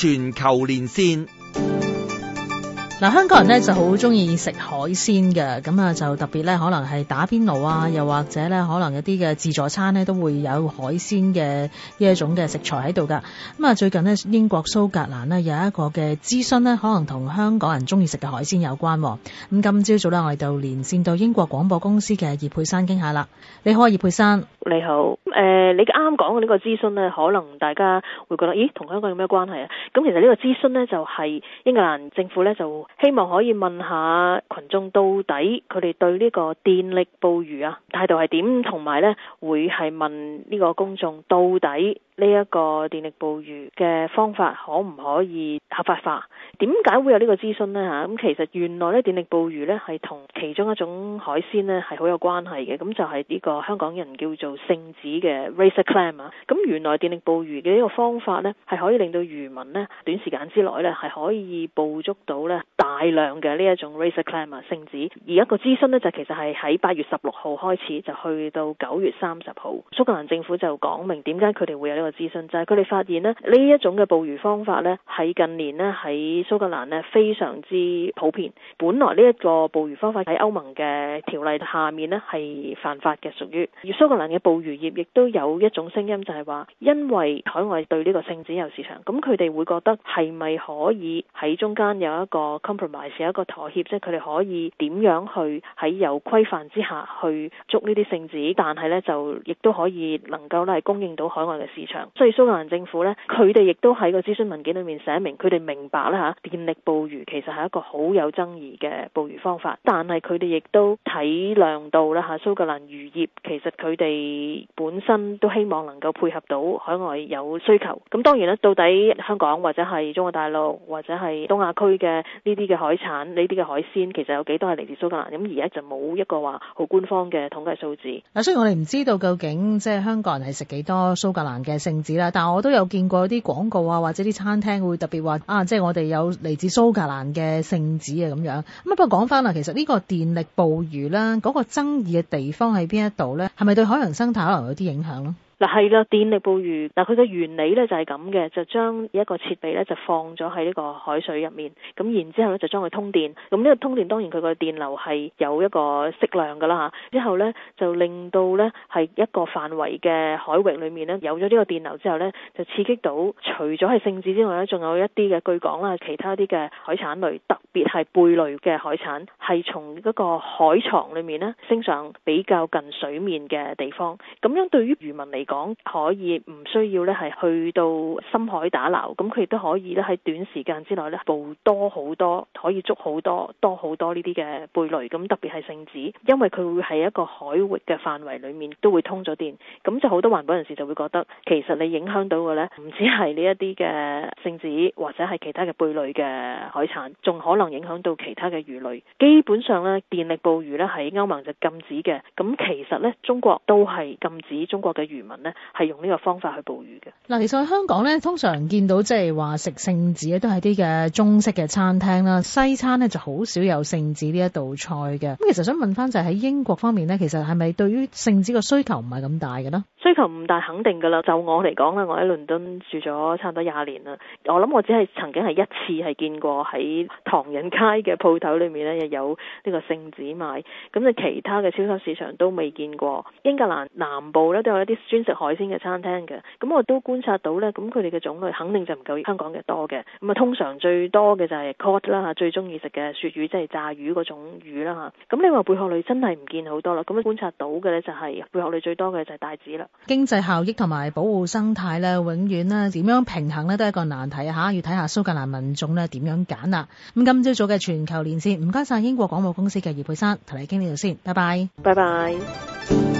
全球連線，嗱，香港人呢就好中意食海鮮嘅，咁啊就特別呢，可能係打邊爐啊，又或者呢，可能有啲嘅自助餐呢，都會有海鮮嘅呢一種嘅食材喺度噶。咁啊，最近呢，英國蘇格蘭呢有一個嘅諮詢呢，可能同香港人中意食嘅海鮮有關喎。咁今朝早呢，我哋就連線到英國廣播公司嘅葉珮珊傾下啦。你好，葉珮珊。你好，誒、呃，你啱講嘅呢個諮詢呢，可能大家會覺得，咦，同香港有咩關係啊？咁其實呢個諮詢呢，就係、是、英格蘭政府呢，就希望可以問下群眾到底佢哋對呢個電力捕魚啊態度係點，同埋呢會係問呢個公眾到底呢一個電力捕魚嘅方法可唔可以合法化？點解會有呢個諮詢呢？咁其實原來呢電力捕魚呢，係同其中一種海鮮呢係好有關係嘅，咁就係呢個香港人叫做蟶子嘅 razor clam 啊，咁原來電力捕魚嘅呢個方法呢，係可以令到漁民呢短時間之內呢係可以捕捉到呢大量嘅呢一種 razor clam 啊蟶子。而一個諮詢呢，就其實係喺八月十六號開始就去到九月三十號，蘇格蘭政府就講明點解佢哋會有呢個諮詢，就係佢哋發現呢呢一種嘅捕魚方法呢，喺近年呢喺蘇格蘭呢非常之普遍。本來呢一個捕魚方法喺歐盟嘅條例下面呢，係犯法嘅，屬於而蘇格蘭嘅。捕魚業亦都有一種聲音，就係話，因為海外對呢個蟶子有市場，咁佢哋會覺得係咪可以喺中間有一個 compromise，有一個妥協，即係佢哋可以點樣去喺有規範之下去捉呢啲蟶子。但係呢，就亦都可以能夠咧係供應到海外嘅市場。所以蘇格蘭政府呢，佢哋亦都喺個諮詢文件裏面寫明，佢哋明白啦吓，電力捕魚其實係一個好有爭議嘅捕魚方法，但係佢哋亦都體諒到啦吓，蘇格蘭漁業其實佢哋。本身都希望能夠配合到海外有需求，咁當然啦，到底香港或者係中國大陸或者係東亞區嘅呢啲嘅海產、呢啲嘅海鮮，其實有幾多係嚟自蘇格蘭？咁而家就冇一個話好官方嘅統計數字。嗱，雖然我哋唔知道究竟即係香港人係食幾多蘇格蘭嘅蟶子啦，但我都有見過啲廣告啊，或者啲餐廳會特別話啊，即係我哋有嚟自蘇格蘭嘅蟶子啊咁樣。咁不過講翻啦，其實呢個電力捕魚啦，嗰個爭議嘅地方喺邊一度咧？係咪對海洋？生態可能有啲影響咯。嗱係啦，電力捕魚嗱，佢嘅原理咧就係咁嘅，就將一個設備咧就放咗喺呢個海水入面，咁然之後咧就將佢通電，咁呢個通電當然佢個電流係有一個適量噶啦吓，之後咧就令到咧係一個範圍嘅海域裏面咧有咗呢個電流之後咧就刺激到除咗係蟶子之外咧，仲有一啲嘅據講啦，其他啲嘅海產類，特別係貝類嘅海產，係從嗰個海床裏面咧升上比較近水面嘅地方，咁樣對於漁民嚟講可以唔需要咧，係去到深海打撈，咁佢亦都可以咧喺短時間之內咧捕多好多，可以捉好多多好多呢啲嘅貝類，咁特別係蟶子，因為佢會喺一個海域嘅範圍裏面都會通咗電，咁就好多環保人士就會覺得，其實你影響到嘅咧，唔止係呢一啲嘅蟶子或者係其他嘅貝類嘅海產，仲可能影響到其他嘅魚類。基本上咧電力捕魚咧喺歐盟就禁止嘅，咁其實咧中國都係禁止中國嘅漁民。係用呢個方法去捕魚嘅。嗱，其實喺香港呢，通常見到即係話食蟶子咧，都係啲嘅中式嘅餐廳啦。西餐呢就好少有蟶子呢一道菜嘅。咁其實想問翻就係喺英國方面呢，其實係咪對於蟶子嘅需求唔係咁大嘅呢？需求唔大，肯定噶啦。就我嚟講咧，我喺倫敦住咗差唔多廿年啦。我諗我只係曾經係一次係見過喺唐人街嘅鋪頭裏面咧有呢個蟶子賣。咁你其他嘅超級市場都未見過。英格蘭南部呢，都有一啲專。食海鮮嘅餐廳嘅，咁我都觀察到呢。咁佢哋嘅種類肯定就唔夠香港嘅多嘅，咁啊通常最多嘅就係 cod 啦吓，最中意食嘅鱈魚即係炸魚嗰種魚啦吓，咁你話貝殼類真係唔見好多啦，咁啊觀察到嘅呢、就是，就係貝殼類最多嘅就係帶子啦。經濟效益同埋保護生態咧，永遠呢點樣平衡呢，都係一個難題吓，要睇下蘇格蘭民眾呢點樣揀啦。咁今朝早嘅全球連線，唔該晒英國廣播公司嘅葉佩珊，同你傾呢度先，拜拜，拜拜。